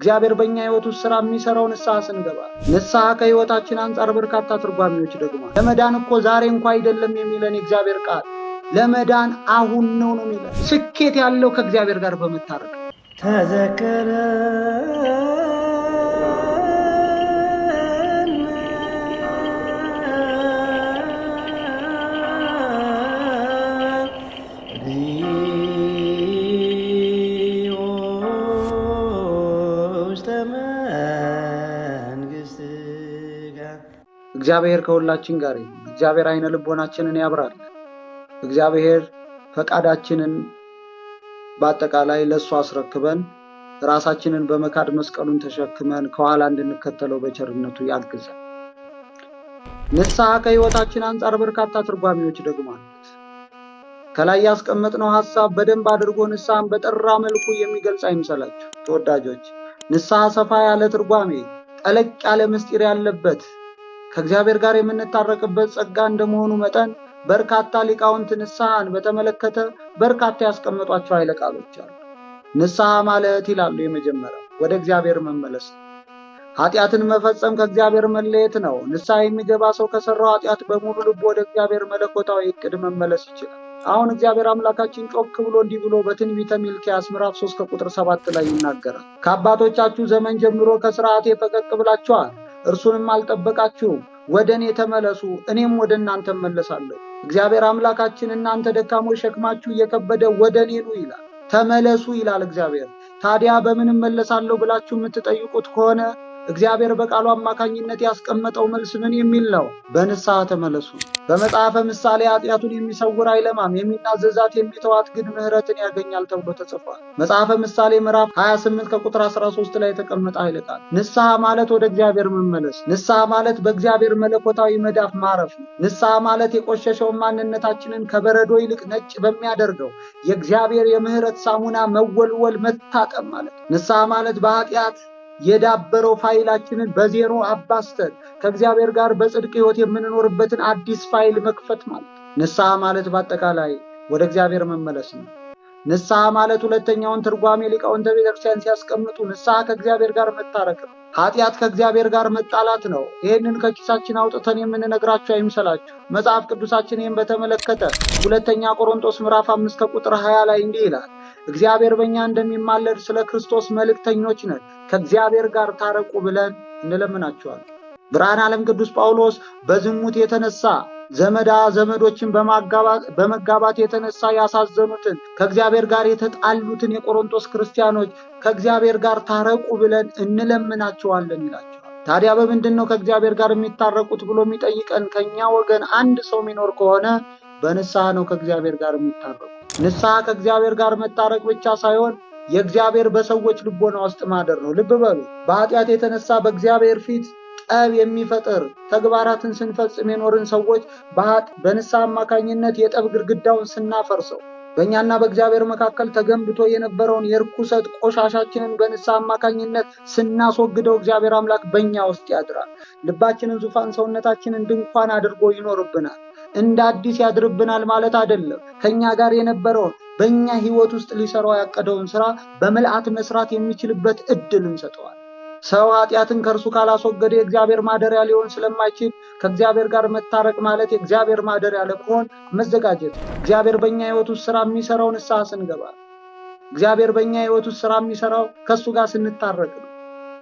እግዚአብሔር በእኛ ህይወት ውስጥ ስራ የሚሰራው ንስሐ ስንገባ። ንስሐ ከህይወታችን አንጻር በርካታ ትርጓሚዎች ደግሟል። ለመዳን እኮ ዛሬ እንኳ አይደለም የሚለን የእግዚአብሔር ቃል ለመዳን አሁን ነው ነው የሚለን። ስኬት ያለው ከእግዚአብሔር ጋር በመታረቅ ተዘከረ እግዚአብሔር ከሁላችን ጋር ይሁን። እግዚአብሔር አይነ ልቦናችንን ያብራል። እግዚአብሔር ፈቃዳችንን በአጠቃላይ ለእሱ አስረክበን ራሳችንን በመካድ መስቀሉን ተሸክመን ከኋላ እንድንከተለው በቸርነቱ ያግዛል። ንስሐ ከህይወታችን አንጻር በርካታ ትርጓሚዎች ደግሞ አሉት። ከላይ ያስቀመጥነው ሐሳብ በደንብ አድርጎ ንስሐን በጠራ መልኩ የሚገልጽ አይምሰላችሁ ተወዳጆች። ንስሐ ሰፋ ያለ ትርጓሜ፣ ጠለቅ ያለ ምስጢር ያለበት ከእግዚአብሔር ጋር የምንታረቅበት ጸጋ እንደመሆኑ መጠን በርካታ ሊቃውንት ንስሐን በተመለከተ በርካታ ያስቀመጧቸው ኃይለ ቃሎች አሉ። ንስሐ ማለት ይላሉ፣ የመጀመሪያው ወደ እግዚአብሔር መመለስ ነው። ኃጢአትን መፈጸም ከእግዚአብሔር መለየት ነው። ንስሐ የሚገባ ሰው ከሰራው ኃጢአት በሙሉ ልቡ ወደ እግዚአብሔር መለኮታዊ እቅድ መመለስ ይችላል። አሁን እግዚአብሔር አምላካችን ጮክ ብሎ እንዲህ ብሎ በትንቢተ ሚልክያስ ምዕራፍ 3 ከቁጥር ሰባት ላይ ይናገራል። ከአባቶቻችሁ ዘመን ጀምሮ ከስርዓቴ ፈቀቅ ብላችኋል እርሱንም አልጠበቃችሁም። ወደ እኔ ተመለሱ፣ እኔም ወደ እናንተ እመለሳለሁ። እግዚአብሔር አምላካችን እናንተ ደካሞች ሸክማችሁ እየከበደ ወደ እኔ ኑ ይላል። ተመለሱ ይላል እግዚአብሔር። ታዲያ በምን መለሳለሁ ብላችሁ የምትጠይቁት ከሆነ እግዚአብሔር በቃሉ አማካኝነት ያስቀመጠው መልስ ምን የሚል ነው? በንስሐ ተመለሱ። በመጽሐፈ ምሳሌ ኃጢአቱን የሚሰውር አይለማም፣ የሚናዘዛት የሚተዋት ግን ምሕረትን ያገኛል ተብሎ ተጽፏል። መጽሐፈ ምሳሌ ምዕራፍ 28 ከቁጥር 13 ላይ የተቀመጠ ኃይለ ቃል ንስሐ ማለት ወደ እግዚአብሔር መመለስ፣ ንስሐ ማለት በእግዚአብሔር መለኮታዊ መዳፍ ማረፍ ነው። ንስሐ ማለት የቆሸሸውን ማንነታችንን ከበረዶ ይልቅ ነጭ በሚያደርገው የእግዚአብሔር የምህረት ሳሙና መወልወል መታጠብ ማለት ንስሐ ማለት በኃጢአት የዳበረው ፋይላችንን በዜሮ አባስተን ከእግዚአብሔር ጋር በጽድቅ ሕይወት የምንኖርበትን አዲስ ፋይል መክፈት ማለት ንስሐ ማለት በአጠቃላይ ወደ እግዚአብሔር መመለስ ነው። ንስሐ ማለት ሁለተኛውን ትርጓሜ ሊቃውንተ ቤተክርስቲያን ሲያስቀምጡ ንስሐ ከእግዚአብሔር ጋር መታረቅ ነው። ኃጢአት ከእግዚአብሔር ጋር መጣላት ነው። ይህንን ከኪሳችን አውጥተን የምንነግራችሁ አይምሰላችሁ። መጽሐፍ ቅዱሳችን ይህን በተመለከተ ሁለተኛ ቆሮንጦስ ምዕራፍ አምስት ከቁጥር ሀያ ላይ እንዲህ ይላል እግዚአብሔር በእኛ እንደሚማለድ ስለ ክርስቶስ መልእክተኞች ነን፣ ከእግዚአብሔር ጋር ታረቁ ብለን እንለምናችኋለን። ብርሃን ዓለም ቅዱስ ጳውሎስ በዝሙት የተነሳ ዘመዳ ዘመዶችን በመጋባት የተነሳ ያሳዘኑትን ከእግዚአብሔር ጋር የተጣሉትን የቆሮንቶስ ክርስቲያኖች ከእግዚአብሔር ጋር ታረቁ ብለን እንለምናቸዋለን ይላቸዋል። ታዲያ በምንድን ነው ከእግዚአብሔር ጋር የሚታረቁት ብሎ የሚጠይቀን ከኛ ወገን አንድ ሰው የሚኖር ከሆነ በንስሐ ነው ከእግዚአብሔር ጋር የሚታረቁ። ንስሐ ከእግዚአብሔር ጋር መታረቅ ብቻ ሳይሆን የእግዚአብሔር በሰዎች ልቦና ውስጥ ማደር ነው። ልብ በሉ። በኃጢአት የተነሳ በእግዚአብሔር ፊት ጸብ የሚፈጥር ተግባራትን ስንፈጽም የኖርን ሰዎች በኃጥ በንሳ አማካኝነት የጠብ ግድግዳውን ስናፈርሰው በእኛና በእግዚአብሔር መካከል ተገንብቶ የነበረውን የርኩሰት ቆሻሻችንን በንሳ አማካኝነት ስናስወግደው እግዚአብሔር አምላክ በእኛ ውስጥ ያድራል። ልባችንን ዙፋን፣ ሰውነታችንን ድንኳን አድርጎ ይኖርብናል። እንደ አዲስ ያድርብናል ማለት አይደለም። ከኛ ጋር የነበረውን በእኛ ሕይወት ውስጥ ሊሰራው ያቀደውን ስራ በምልአት መስራት የሚችልበት እድል እንሰጠዋል። ሰው ኃጢአትን ከእርሱ ካላስወገደ የእግዚአብሔር ማደሪያ ሊሆን ስለማይችል ከእግዚአብሔር ጋር መታረቅ ማለት የእግዚአብሔር ማደሪያ ለመሆን መዘጋጀት። እግዚአብሔር በእኛ ህይወት ውስጥ ስራ የሚሰራው ንስሐ ስንገባ፣ እግዚአብሔር በእኛ ህይወት ውስጥ ስራ የሚሰራው ከእሱ ጋር ስንታረቅ ነው።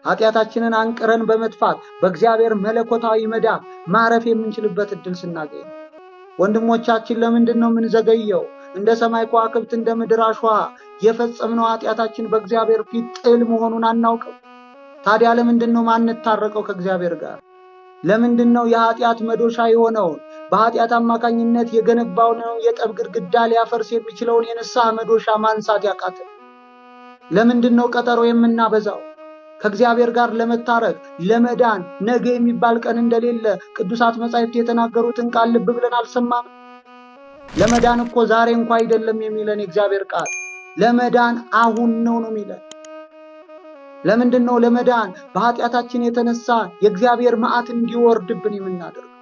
ኃጢአታችንን አንቅረን በመጥፋት በእግዚአብሔር መለኮታዊ መዳ ማረፍ የምንችልበት እድል ስናገኝ፣ ወንድሞቻችን ለምንድን ነው የምንዘገየው? እንደ ሰማይ ከዋክብት እንደ ምድር አሸዋ የፈጸምነው ኃጢአታችን በእግዚአብሔር ፊት ጥል መሆኑን አናውቅም። ታዲያ ለምንድን ነው ማንታረቀው ከእግዚአብሔር ጋር? ለምንድን ነው የኃጢአት መዶሻ የሆነውን በኃጢአት አማካኝነት የገነባውን የጠብ ግድግዳ ሊያፈርስ የሚችለውን የንስሐ መዶሻ ማንሳት ያቃተ? ለምንድን ነው ቀጠሮ የምናበዛው? ከእግዚአብሔር ጋር ለመታረቅ ለመዳን ነገ የሚባል ቀን እንደሌለ ቅዱሳት መጻሕፍት የተናገሩትን ቃል ልብ ብለን አልሰማም? ለመዳን እኮ ዛሬ እንኳ አይደለም የሚለን የእግዚአብሔር ቃል ለመዳን አሁን ነው ነው የሚለን። ለምንድን ነው ለመዳን በኃጢአታችን የተነሳ የእግዚአብሔር መዓት እንዲወርድብን የምናደርገው?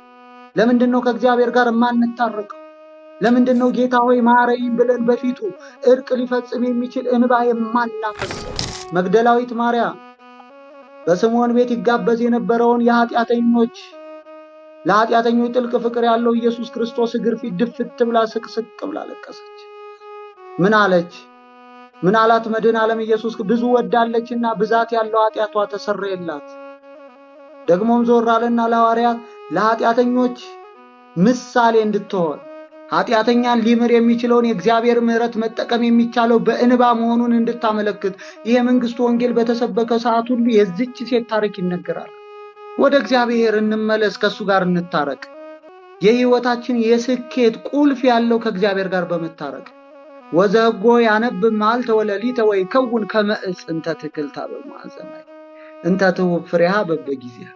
ለምንድን ነው ከእግዚአብሔር ጋር የማንታረቀው? ለምንድን ነው ጌታ ሆይ ማረኝ ብለን በፊቱ እርቅ ሊፈጽም የሚችል እንባ የማናፈሰው? መግደላዊት ማርያ በስምዖን ቤት ይጋበዝ የነበረውን የኃጢአተኞች ለኃጢአተኞች ጥልቅ ፍቅር ያለው ኢየሱስ ክርስቶስ እግር ፊት ድፍት ብላ ስቅስቅ ብላ ለቀሰች። ምን አለች? ምናላት መድን ዓለም ኢየሱስ ብዙ ወዳለችና ብዛት ያለው ኃጢአቷ ተሰረየላት። ደግሞም ዞር አለና ለሐዋርያት ለኃጢአተኞች ምሳሌ እንድትሆን ኃጢአተኛን ሊምር የሚችለውን የእግዚአብሔር ምሕረት መጠቀም የሚቻለው በእንባ መሆኑን እንድታመለክት ይህ የመንግሥቱ ወንጌል በተሰበከ ሰዓት ሁሉ የዚች ሴት ታሪክ ይነገራል። ወደ እግዚአብሔር እንመለስ፣ ከእሱ ጋር እንታረቅ። የሕይወታችን የስኬት ቁልፍ ያለው ከእግዚአብሔር ጋር በመታረቅ ወዘጎ ያነብ መዓልተ ወለሊተ ወይ ከውን ከመእፅ እንተ ትክልታ በማዘናይ እንተ ትሁብ ፍሬሃ በበጊዜሃ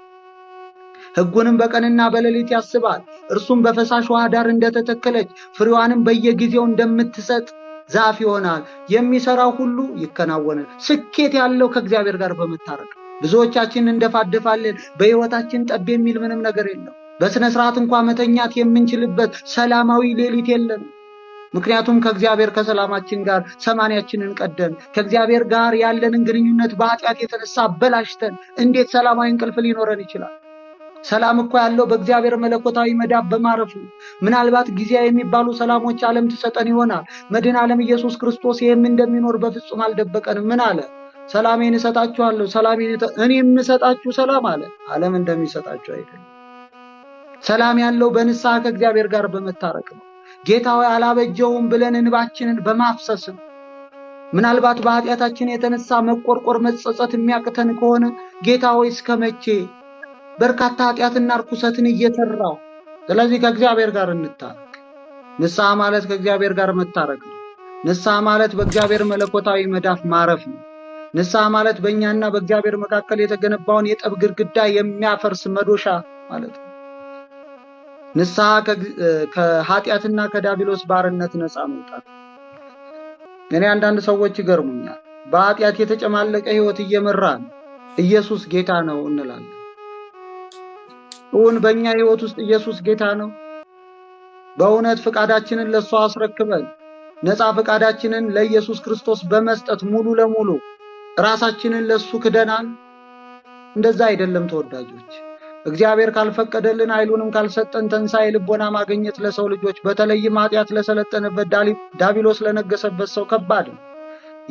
ህጉንም በቀንና በሌሊት ያስባል። እርሱም በፈሳሽ ውሃ ዳር እንደተተከለች ፍሬዋንም በየጊዜው እንደምትሰጥ ዛፍ ይሆናል። የሚሰራው ሁሉ ይከናወናል። ስኬት ያለው ከእግዚአብሔር ጋር በመታረቅ ብዙዎቻችን እንደፋደፋለን። በሕይወታችን ጠብ የሚል ምንም ነገር የለም። በሥነ ሥርዓት እንኳ መተኛት የምንችልበት ሰላማዊ ሌሊት የለም። ምክንያቱም ከእግዚአብሔር ከሰላማችን ጋር ሰማንያችንን ቀደን። ከእግዚአብሔር ጋር ያለንን ግንኙነት በኃጢአት የተነሳ በላሽተን እንዴት ሰላማዊ እንቅልፍ ሊኖረን ይችላል? ሰላም እኮ ያለው በእግዚአብሔር መለኮታዊ መዳብ በማረፉ። ምናልባት ጊዜያዊ የሚባሉ ሰላሞች ዓለም ትሰጠን ይሆናል። መድን ዓለም ኢየሱስ ክርስቶስ ይህም እንደሚኖር በፍጹም አልደበቀንም። ምን አለ? ሰላሜን እሰጣችኋለሁ፣ ሰላሜን እኔ የምሰጣችሁ ሰላም አለ፣ ዓለም እንደሚሰጣችሁ አይደለም። ሰላም ያለው በንስሐ ከእግዚአብሔር ጋር በመታረቅ ነው። ሆይ አላበጀውም ብለን እንባችንን በማፍሰስ ምናልባት በኃጢአታችን የተነሳ መቆርቆር መጸጸት የሚያቅተን ከሆነ ሆይ እስከ መቼ በርካታ ኃጢአትና ርኩሰትን እየሰራው። ስለዚህ ከእግዚአብሔር ጋር እንታረቅ። ንስሐ ማለት ከእግዚአብሔር ጋር መታረቅ ነው። ንስሐ ማለት በእግዚአብሔር መለኮታዊ መዳፍ ማረፍ ነው። ንስሐ ማለት በእኛና በእግዚአብሔር መካከል የተገነባውን የጠብ ግድግዳ የሚያፈርስ መዶሻ ማለት ነው። ንስሐ ከኃጢአትና ከዲያብሎስ ባርነት ነፃ መውጣት። እኔ አንዳንድ ሰዎች ይገርሙኛል። በኃጢአት የተጨማለቀ ህይወት እየመራን ኢየሱስ ጌታ ነው እንላለን። እውን በእኛ ህይወት ውስጥ ኢየሱስ ጌታ ነው? በእውነት ፈቃዳችንን ለእሱ አስረክበን ነፃ ፈቃዳችንን ለኢየሱስ ክርስቶስ በመስጠት ሙሉ ለሙሉ ራሳችንን ለእሱ ክደናል? እንደዛ አይደለም ተወዳጆች። እግዚአብሔር ካልፈቀደልን ኃይሉንም ካልሰጠን ትንሣኤ ልቦና ማግኘት ለሰው ልጆች በተለይም ኃጢአት ለሰለጠነበት ዳቢሎስ ለነገሰበት ሰው ከባድ ነው።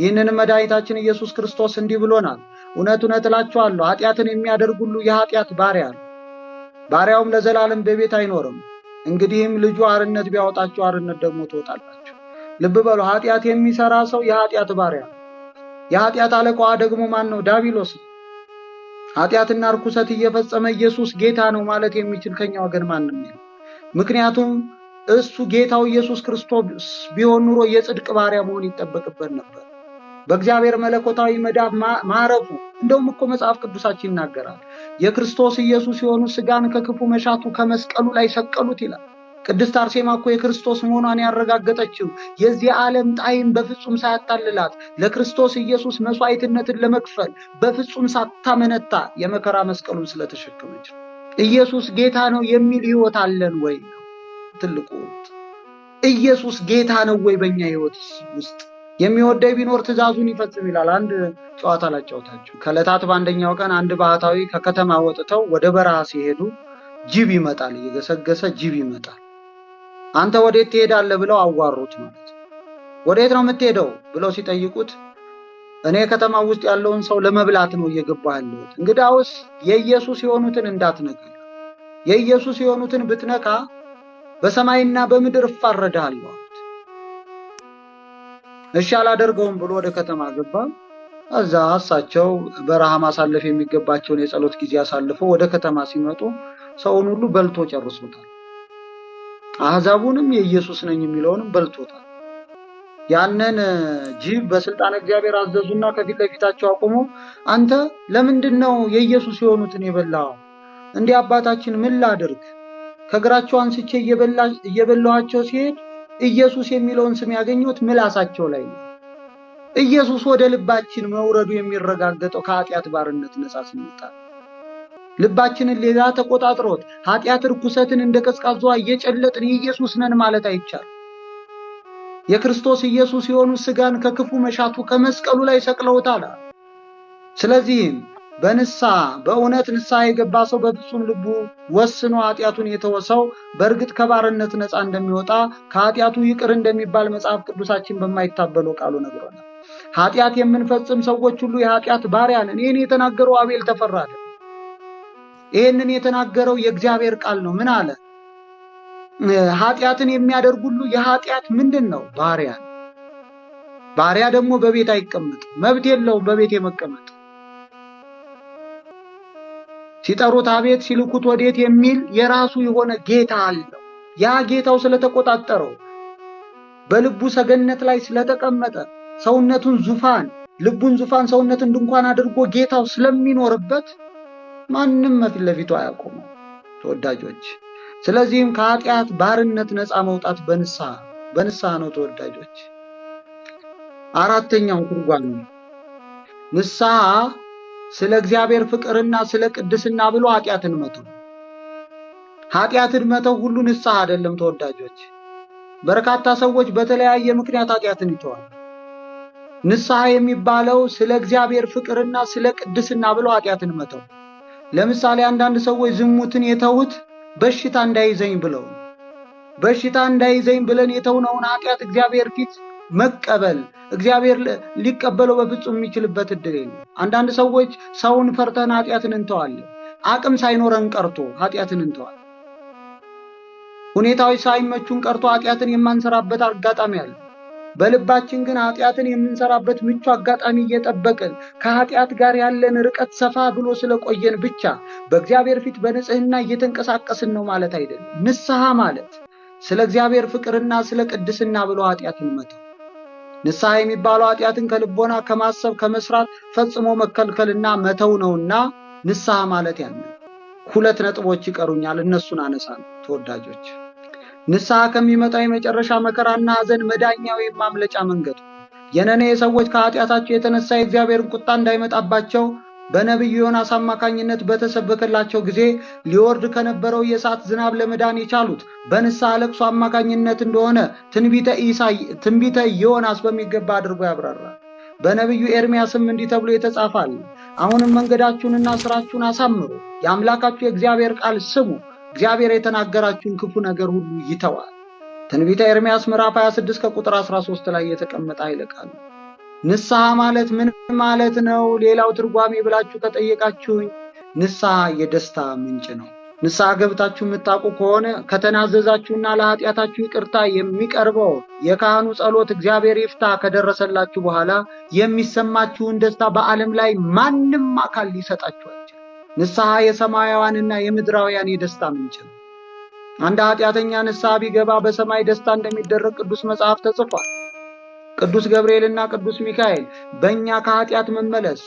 ይህንንም መድኃኒታችን ኢየሱስ ክርስቶስ እንዲህ ብሎናል፣ እውነት እውነት እላችኋለሁ ኃጢአትን የሚያደርግ ሁሉ የኃጢአት ባሪያ ነው፣ ባሪያውም ለዘላለም በቤት አይኖርም። እንግዲህም ልጁ አርነት ቢያወጣችሁ አርነት ደግሞ ትወጣላችሁ። ልብ በሉ፣ ኃጢአት የሚሰራ ሰው የኃጢአት ባሪያ ነው። የኃጢአት አለቃዋ ደግሞ ማን ነው? ዳቢሎስ ነው። ኃጢአትና እርኩሰት እየፈጸመ ኢየሱስ ጌታ ነው ማለት የሚችል ከኛ ወገን ማንም ነው። ምክንያቱም እሱ ጌታው ኢየሱስ ክርስቶስ ቢሆን ኑሮ የጽድቅ ባሪያ መሆን ይጠበቅበት ነበር። በእግዚአብሔር መለኮታዊ መዳብ ማረፉ እንደውም እኮ መጽሐፍ ቅዱሳችን ይናገራል። የክርስቶስ ኢየሱስ የሆኑ ስጋን ከክፉ መሻቱ ከመስቀሉ ላይ ሰቀሉት ይላል። ቅድስት አርሴማ እኮ የክርስቶስ መሆኗን ያረጋገጠችው የዚህ ዓለም ጣይም በፍጹም ሳያታልላት ለክርስቶስ ኢየሱስ መስዋዕትነትን ለመክፈል በፍጹም ሳታመነታ የመከራ መስቀሉን ስለተሸከመች ኢየሱስ ጌታ ነው የሚል ሕይወት አለን ወይ ነው ትልቁ። ኢየሱስ ጌታ ነው ወይ በእኛ ሕይወት ውስጥ የሚወደኝ ቢኖር ትእዛዙን ይፈጽም ይላል። አንድ ጨዋታ ላጫወታችሁ። ከዕለታት በአንደኛው ቀን አንድ ባህታዊ ከከተማ ወጥተው ወደ በረሃ ሲሄዱ ጅብ ይመጣል፣ እየገሰገሰ ጅብ ይመጣል። አንተ ወዴት ትሄዳለህ ብለው አዋሩት ማለት ወዴት ነው የምትሄደው ብለው ሲጠይቁት እኔ ከተማ ውስጥ ያለውን ሰው ለመብላት ነው እየገባ ያለሁት። እንግዳውስ የኢየሱስ የሆኑትን እንዳትነካ፣ የኢየሱስ የሆኑትን ብትነካ በሰማይና በምድር እፋረድሃለሁ አሉት። እሺ አላደርገውም ብሎ ወደ ከተማ ገባ። እዛ እሳቸው በረሃ ማሳለፍ የሚገባቸውን የጸሎት ጊዜ አሳልፈው ወደ ከተማ ሲመጡ ሰውን ሁሉ በልቶ ጨርሶታል። አሕዛቡንም የኢየሱስ ነኝ የሚለውንም በልቶታል። ያንን ጅብ በስልጣን እግዚአብሔር አዘዙና ከፊት ለፊታቸው አቁሞ አንተ ለምንድን ነው የኢየሱስ የሆኑትን የበላው? እንዲህ አባታችን ምን ላድርግ? ከእግራቸው አንስቼ እየበላኋቸው ሲሄድ ኢየሱስ የሚለውን ስም ያገኘሁት ምላሳቸው ላይ ነው። ኢየሱስ ወደ ልባችን መውረዱ የሚረጋገጠው ከኃጢአት ባርነት ነፃ ስንወጣ ልባችንን ሌላ ተቆጣጥሮት ኃጢአት ርኩሰትን እንደ ቀዝቃዟ እየጨለጥን የኢየሱስ ነን ማለት አይቻል። የክርስቶስ ኢየሱስ የሆኑ ሥጋን ከክፉ መሻቱ ከመስቀሉ ላይ ሰቅለውታል። ስለዚህም በንሳ በእውነት ንሳ የገባ ሰው በፍጹም ልቡ ወስኖ ኃጢአቱን የተወሰው በእርግጥ ከባርነት ነፃ እንደሚወጣ ከኃጢአቱ ይቅር እንደሚባል መጽሐፍ ቅዱሳችን በማይታበለው ቃሉ ነግሮናል። ኃጢአት የምንፈጽም ሰዎች ሁሉ የኃጢአት ባሪያ ነን። ይህን የተናገረው አቤል ተፈራለ። ይህንን የተናገረው የእግዚአብሔር ቃል ነው። ምን አለ? ኃጢአትን የሚያደርግ ሁሉ የኃጢአት ምንድን ነው? ባሪያ። ባሪያ ደግሞ በቤት አይቀመጥም፣ መብት የለውም በቤት የመቀመጥ ሲጠሩት አቤት ሲልኩት ወዴት የሚል የራሱ የሆነ ጌታ አለው። ያ ጌታው ስለተቆጣጠረው በልቡ ሰገነት ላይ ስለተቀመጠ ሰውነቱን ዙፋን ልቡን ዙፋን ሰውነትን ድንኳን አድርጎ ጌታው ስለሚኖርበት ማንም ፊት ለፊቱ አያቆሙ ተወዳጆች ስለዚህም ከኃጢአት ባርነት ነፃ መውጣት በንሳ በንሳ ነው። ተወዳጆች አራተኛው ትርጓሚ ንሳ ስለ እግዚአብሔር ፍቅርና ስለ ቅድስና ብሎ ኃጢአትን መተው። ኃጢአትን መተው ሁሉ ንሳ አይደለም ተወዳጆች። በርካታ ሰዎች በተለያየ ምክንያት ኃጢአትን ይተዋል። ንስሐ የሚባለው ስለ እግዚአብሔር ፍቅርና ስለ ቅድስና ብሎ ኃጢአትን መተው ለምሳሌ አንዳንድ ሰዎች ዝሙትን የተውት በሽታ እንዳይዘኝ ብለው በሽታ እንዳይዘኝ ብለን የተውነውን ኃጢአት እግዚአብሔር ፊት መቀበል እግዚአብሔር ሊቀበለው በፍጹም የሚችልበት እድል የለም። አንዳንድ ሰዎች ሰውን ፈርተን ኃጢአትን እንተዋለን። አቅም ሳይኖረን ቀርቶ ኃጢአትን እንተዋለን። ሁኔታዎች ሳይመቹን ቀርቶ ኃጢአትን የማንሰራበት አጋጣሚ አለ። በልባችን ግን ኃጢአትን የምንሰራበት ምቹ አጋጣሚ እየጠበቅን ከኃጢአት ጋር ያለን ርቀት ሰፋ ብሎ ስለቆየን ብቻ በእግዚአብሔር ፊት በንጽህና እየተንቀሳቀስን ነው ማለት አይደለም። ንስሐ ማለት ስለ እግዚአብሔር ፍቅርና ስለ ቅድስና ብሎ ኃጢአትን መተው። ንስሐ የሚባለው ኃጢአትን ከልቦና ከማሰብ ከመስራት ፈጽሞ መከልከልና መተው ነውና ንስሐ ማለት ያለ ሁለት ነጥቦች ይቀሩኛል። እነሱን አነሳ ተወዳጆች። ንስሐ ከሚመጣው የመጨረሻ መከራና ሐዘን መዳኛው የማምለጫ መንገድ። የነኔ ሰዎች ከኃጢአታቸው የተነሳ የእግዚአብሔርን ቁጣ እንዳይመጣባቸው በነቢዩ ዮናስ አማካኝነት በተሰበከላቸው ጊዜ ሊወርድ ከነበረው የእሳት ዝናብ ለመዳን የቻሉት በንስሐ ለቅሶ አማካኝነት እንደሆነ ትንቢተ ዮናስ በሚገባ አድርጎ ያብራራል። በነቢዩ ኤርምያስም እንዲህ ተብሎ የተጻፋል፣ አሁንም መንገዳችሁንና ስራችሁን አሳምሩ፣ የአምላካችሁ የእግዚአብሔር ቃል ስሙ እግዚአብሔር የተናገራችሁን ክፉ ነገር ሁሉ ይተዋል። ትንቢተ ኤርምያስ ምዕራፍ 26 ከቁጥር 13 ላይ የተቀመጠ ኃይለ ቃል ነው። ንስሐ ማለት ምን ማለት ነው? ሌላው ትርጓሜ ብላችሁ ከጠየቃችሁኝ ንስሐ የደስታ ምንጭ ነው። ንስሐ ገብታችሁ የምታውቁ ከሆነ ከተናዘዛችሁና ለኃጢአታችሁ ይቅርታ የሚቀርበው የካህኑ ጸሎት እግዚአብሔር ይፍታ ከደረሰላችሁ በኋላ የሚሰማችሁን ደስታ በዓለም ላይ ማንም አካል ሊሰጣችሁ ንስሐ የሰማያውያንና የምድራውያን የደስታ ምንጭ ነው። አንድ ኃጢአተኛ ንስሐ ቢገባ በሰማይ ደስታ እንደሚደረግ ቅዱስ መጽሐፍ ተጽፏል። ቅዱስ ገብርኤልና ቅዱስ ሚካኤል በእኛ ከኃጢአት መመለስ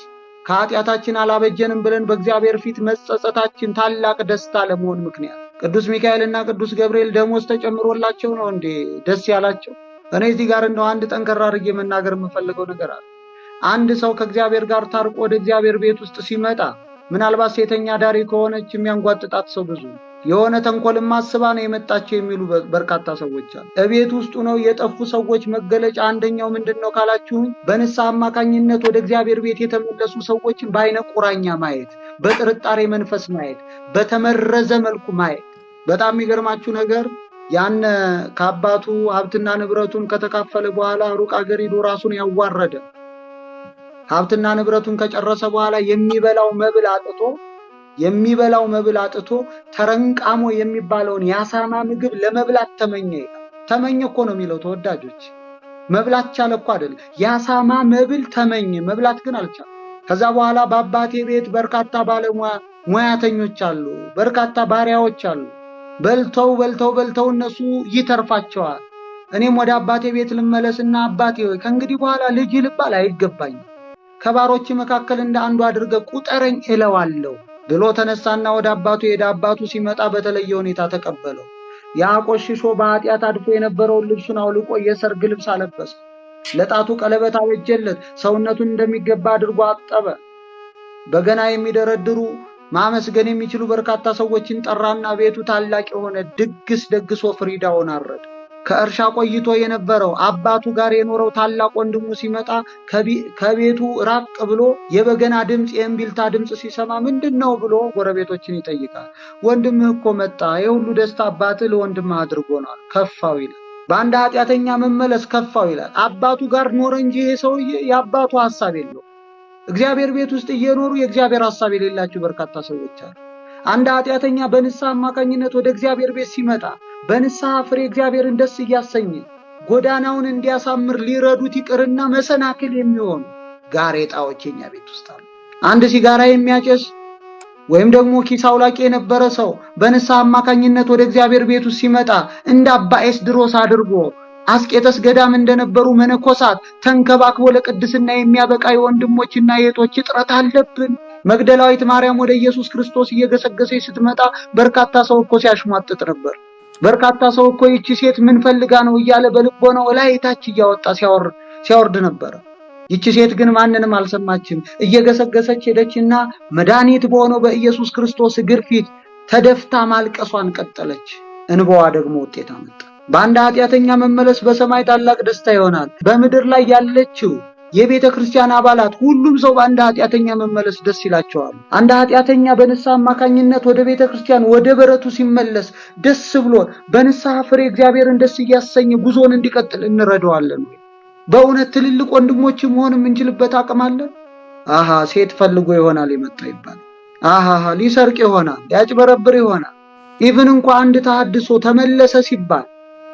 ከኃጢአታችን አላበጀንም ብለን በእግዚአብሔር ፊት መጸጸታችን ታላቅ ደስታ ለመሆን ምክንያት ቅዱስ ሚካኤልና ቅዱስ ገብርኤል ደሞዝ ተጨምሮላቸው ነው እንዴ ደስ ያላቸው? እኔ እዚህ ጋር እንደው አንድ ጠንከራ አድርጌ መናገር የምፈልገው ነገር አለ። አንድ ሰው ከእግዚአብሔር ጋር ታርቆ ወደ እግዚአብሔር ቤት ውስጥ ሲመጣ ምናልባት ሴተኛ ዳሪ ከሆነች የሚያንጓጥጣት ሰው ብዙ የሆነ ተንኮልም አስባ ነው የመጣቸው የሚሉ በርካታ ሰዎች አሉ። እቤት ውስጡ ነው የጠፉ ሰዎች መገለጫ አንደኛው ምንድን ነው ካላችሁኝ፣ በንስሐ አማካኝነት ወደ እግዚአብሔር ቤት የተመለሱ ሰዎችን በአይነ ቁራኛ ማየት፣ በጥርጣሬ መንፈስ ማየት፣ በተመረዘ መልኩ ማየት። በጣም የሚገርማችሁ ነገር ያነ ከአባቱ ሀብትና ንብረቱን ከተካፈለ በኋላ ሩቅ አገር ሂዶ ራሱን ያዋረደ ሀብትና ንብረቱን ከጨረሰ በኋላ የሚበላው መብል አጥቶ የሚበላው መብል አጥቶ ተረንቃሞ የሚባለውን የአሳማ ምግብ ለመብላት ተመኘ። ተመኘ እኮ ነው የሚለው ተወዳጆች፣ መብላት ቻለ እኮ አይደል? የአሳማ መብል ተመኘ፣ መብላት ግን አልቻለም። ከዛ በኋላ በአባቴ ቤት በርካታ ባለሙያ ሙያተኞች አሉ፣ በርካታ ባሪያዎች አሉ። በልተው በልተው በልተው እነሱ ይተርፋቸዋል። እኔም ወደ አባቴ ቤት ልመለስና አባቴ ሆይ ከእንግዲህ በኋላ ልጅ ልባል አይገባኝም ከባሮች መካከል እንደ አንዱ አድርገ ቁጠረኝ እለዋለሁ ብሎ ተነሳና ወደ አባቱ ሄደ። አባቱ ሲመጣ በተለየ ሁኔታ ተቀበለው። ያቆሽሾ በኃጢአት አድፎ የነበረውን ልብሱን አውልቆ የሰርግ ልብስ አለበሰ። ለጣቱ ቀለበት አበጀለት። ሰውነቱን እንደሚገባ አድርጎ አጠበ። በገና የሚደረድሩ ማመስገን የሚችሉ በርካታ ሰዎችን ጠራና ቤቱ ታላቅ የሆነ ድግስ ደግሶ ፍሪዳውን አረደ። ከእርሻ ቆይቶ የነበረው አባቱ ጋር የኖረው ታላቅ ወንድሙ ሲመጣ ከቤቱ ራቅ ብሎ የበገና ድምፅ፣ የእምቢልታ ድምፅ ሲሰማ ምንድን ነው ብሎ ጎረቤቶችን ይጠይቃል። ወንድምህ እኮ መጣ፣ የሁሉ ደስታ አባትህ ለወንድምህ አድርጎናል፣ ከፋው ይላል። በአንድ ኃጢአተኛ መመለስ ከፋው ይላል። አባቱ ጋር ኖረ እንጂ ይሄ ሰውዬ የአባቱ ሀሳብ የለው። እግዚአብሔር ቤት ውስጥ እየኖሩ የእግዚአብሔር ሀሳብ የሌላቸው በርካታ ሰዎች አሉ። አንድ ኃጢአተኛ በንስሐ አማካኝነት ወደ እግዚአብሔር ቤት ሲመጣ በንስሐ ፍሬ እግዚአብሔርን ደስ እያሰኘ ጎዳናውን እንዲያሳምር ሊረዱት ይቅርና መሰናክል የሚሆኑ ጋሬጣዎች የኛ ቤት ውስጥ አሉ። አንድ ሲጋራ የሚያጨስ ወይም ደግሞ ኪስ አውላቂ የነበረ ሰው በንስሐ አማካኝነት ወደ እግዚአብሔር ቤቱ ሲመጣ እንደ አባ ኤስድሮስ አድርጎ አስቄጠስ ገዳም እንደነበሩ መነኮሳት ተንከባክቦ ለቅድስና የሚያበቃ የወንድሞችና የቶች እጥረት አለብን። መግደላዊት ማርያም ወደ ኢየሱስ ክርስቶስ እየገሰገሰች ስትመጣ በርካታ ሰው እኮ ሲያሽሟጥጥ ነበር። በርካታ ሰው እኮ ይቺ ሴት ምን ፈልጋ ነው እያለ በልቦናው ላይ ታች እያወጣ ሲያወርድ ነበረ። ይቺ ሴት ግን ማንንም አልሰማችም። እየገሰገሰች ሄደችና መድኃኒት በሆነው በኢየሱስ ክርስቶስ እግር ፊት ተደፍታ ማልቀሷን ቀጠለች። እንባዋ ደግሞ ውጤት አመጣ። በአንድ ኃጢአተኛ መመለስ በሰማይ ታላቅ ደስታ ይሆናል። በምድር ላይ ያለችው የቤተ ክርስቲያን አባላት ሁሉም ሰው በአንድ ኃጢአተኛ መመለስ ደስ ይላቸዋል። አንድ ኃጢአተኛ በንስሐ አማካኝነት ወደ ቤተ ክርስቲያን ወደ በረቱ ሲመለስ ደስ ብሎ በንስሐ ፍሬ እግዚአብሔርን ደስ እያሰኘ ጉዞን እንዲቀጥል እንረዳዋለን በእውነት ትልልቅ ወንድሞች መሆን የምንችልበት አቅም አለን? አሃ ሴት ፈልጎ ይሆናል የመጣ ይባል። አሃ ሊሰርቅ ይሆናል፣ ሊያጭበረብር ይሆናል። ኢቭን እንኳ አንድ ተሐድሶ ተመለሰ ሲባል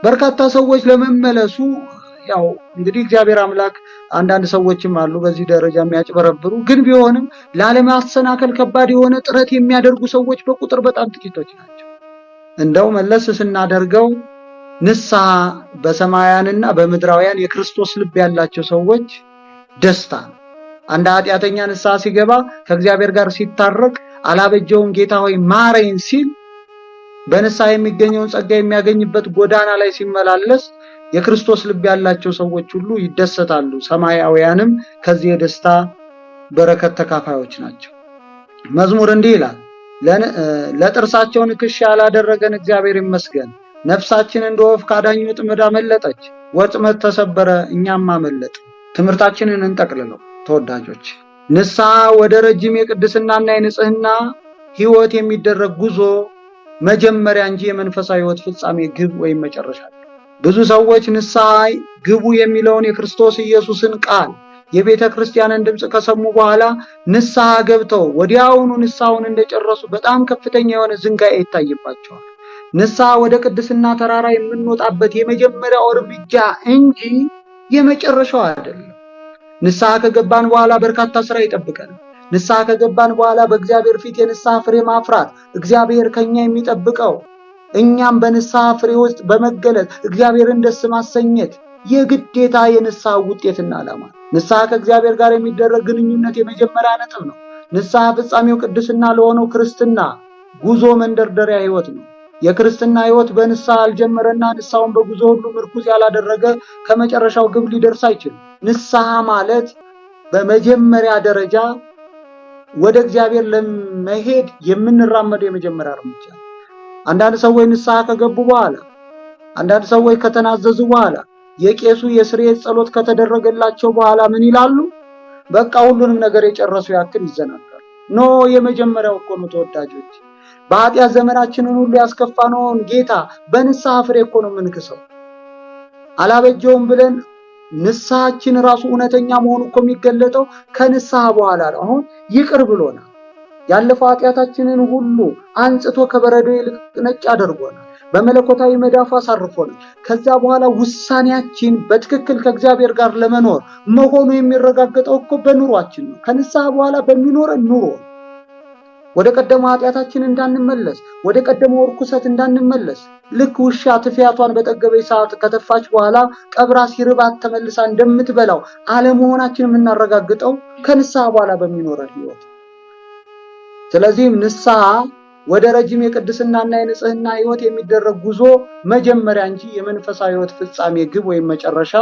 በርካታ ሰዎች ለመመለሱ ያው እንግዲህ እግዚአብሔር አምላክ አንዳንድ ሰዎችም አሉ በዚህ ደረጃ የሚያጭበረብሩ። ግን ቢሆንም ላለማሰናከል ከባድ የሆነ ጥረት የሚያደርጉ ሰዎች በቁጥር በጣም ጥቂቶች ናቸው። እንደው መለስ ስናደርገው ንስሐ በሰማያንና በምድራውያን የክርስቶስ ልብ ያላቸው ሰዎች ደስታ ነው። አንድ ኃጢአተኛ ንስሐ ሲገባ ከእግዚአብሔር ጋር ሲታረቅ አላበጀውም ጌታ ሆይ ማረኝ ሲል በንስሐ የሚገኘውን ጸጋ የሚያገኝበት ጎዳና ላይ ሲመላለስ የክርስቶስ ልብ ያላቸው ሰዎች ሁሉ ይደሰታሉ፣ ሰማያውያንም ከዚህ የደስታ በረከት ተካፋዮች ናቸው። መዝሙር እንዲህ ይላል፣ ለጥርሳቸውን ክሽ ያላደረገን እግዚአብሔር ይመስገን። ነፍሳችን እንደ ወፍ ካዳኙ ጥምድ አመለጠች። ወጥመድ ተሰበረ፣ እኛም አመለጥ። ትምህርታችንን እንጠቅልለው ተወዳጆች፣ ንስሐ ወደ ረጅም የቅድስናና የንጽህና ህይወት የሚደረግ ጉዞ መጀመሪያ እንጂ የመንፈሳዊ ህይወት ፍጻሜ ግብ ወይም መጨረሻ ብዙ ሰዎች ንስሐ ግቡ የሚለውን የክርስቶስ ኢየሱስን ቃል የቤተ ክርስቲያንን ድምፅ ከሰሙ በኋላ ንስሐ ገብተው ወዲያውኑ ንስሐውን እንደጨረሱ በጣም ከፍተኛ የሆነ ዝንጋኤ ይታይባቸዋል። ንስሐ ወደ ቅድስና ተራራ የምንወጣበት የመጀመሪያው እርምጃ እንጂ የመጨረሻው አይደለም። ንስሐ ከገባን በኋላ በርካታ ስራ ይጠብቀናል። ንስሐ ከገባን በኋላ በእግዚአብሔር ፊት የንስሐ ፍሬ ማፍራት እግዚአብሔር ከኛ የሚጠብቀው እኛም በንስሐ ፍሬ ውስጥ በመገለጥ እግዚአብሔርን ደስ ማሰኘት የግዴታ የንስሐ ውጤትና ዓላማ። ንስሐ ከእግዚአብሔር ጋር የሚደረግ ግንኙነት የመጀመሪያ ነጥብ ነው። ንስሐ ፍጻሜው ቅድስና ለሆነው ክርስትና ጉዞ መንደርደሪያ ህይወት ነው። የክርስትና ህይወት በንስሐ አልጀመረና ንስሐውን በጉዞ ሁሉ ምርኩዝ ያላደረገ ከመጨረሻው ግብ ሊደርስ አይችልም። ንስሐ ማለት በመጀመሪያ ደረጃ ወደ እግዚአብሔር ለመሄድ የምንራመደው የመጀመሪያ እርምጃ አንዳንድ ሰዎች ንስሐ ከገቡ በኋላ አንዳንድ ሰዎች ከተናዘዙ በኋላ የቄሱ የስርየት ጸሎት ከተደረገላቸው በኋላ ምን ይላሉ? በቃ ሁሉንም ነገር የጨረሱ ያክል ይዘናጋሉ። ኖ የመጀመሪያው እኮ ነው ተወዳጆች። በኃጢአት ዘመናችንን ሁሉ ያስከፋነውን ጌታ በንስሐ ፍሬ እኮ ነው የምንክሰው። አላበጀውም ብለን ንስሐችን ራሱ እውነተኛ መሆኑ እኮ የሚገለጠው ከንስሐ በኋላ ነው። አሁን ይቅር ብሎናል። ያለፈው ኃጢአታችንን ሁሉ አንጽቶ ከበረዶ ይልቅ ነጭ አድርጎናል። በመለኮታዊ መዳፉ አሳርፎናል። ከዛ በኋላ ውሳኔያችን በትክክል ከእግዚአብሔር ጋር ለመኖር መሆኑ የሚረጋገጠው እኮ በኑሯችን ነው። ከንስሐ በኋላ በሚኖረን ኑሮ ወደ ቀደመው ኃጢአታችን እንዳንመለስ፣ ወደ ቀደመው እርኩሰት እንዳንመለስ ልክ ውሻ ትፊያቷን በጠገበች ሰዓት ከተፋች በኋላ ቀብራ ሲርባት ተመልሳ እንደምትበላው አለመሆናችን የምናረጋግጠው ከንስሐ በኋላ በሚኖረን ህይወት ስለዚህም ንስሐ ወደ ረጅም የቅድስናና የንጽህና ህይወት የሚደረግ ጉዞ መጀመሪያ እንጂ የመንፈሳዊ ህይወት ፍጻሜ፣ ግብ ወይም መጨረሻ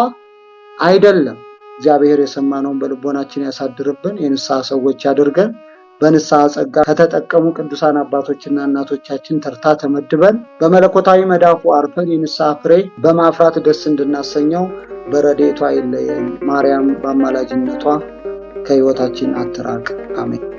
አይደለም። እግዚአብሔር የሰማነውን በልቦናችን ያሳድርብን፣ የንስሐ ሰዎች ያድርገን። በንስሐ ጸጋ ከተጠቀሙ ቅዱሳን አባቶችና እናቶቻችን ተርታ ተመድበን በመለኮታዊ መዳፉ አርፈን የንስሐ ፍሬ በማፍራት ደስ እንድናሰኘው በረዴቷ አይለየን። ማርያም በአማላጅነቷ ከህይወታችን አትራቅ። አሜን።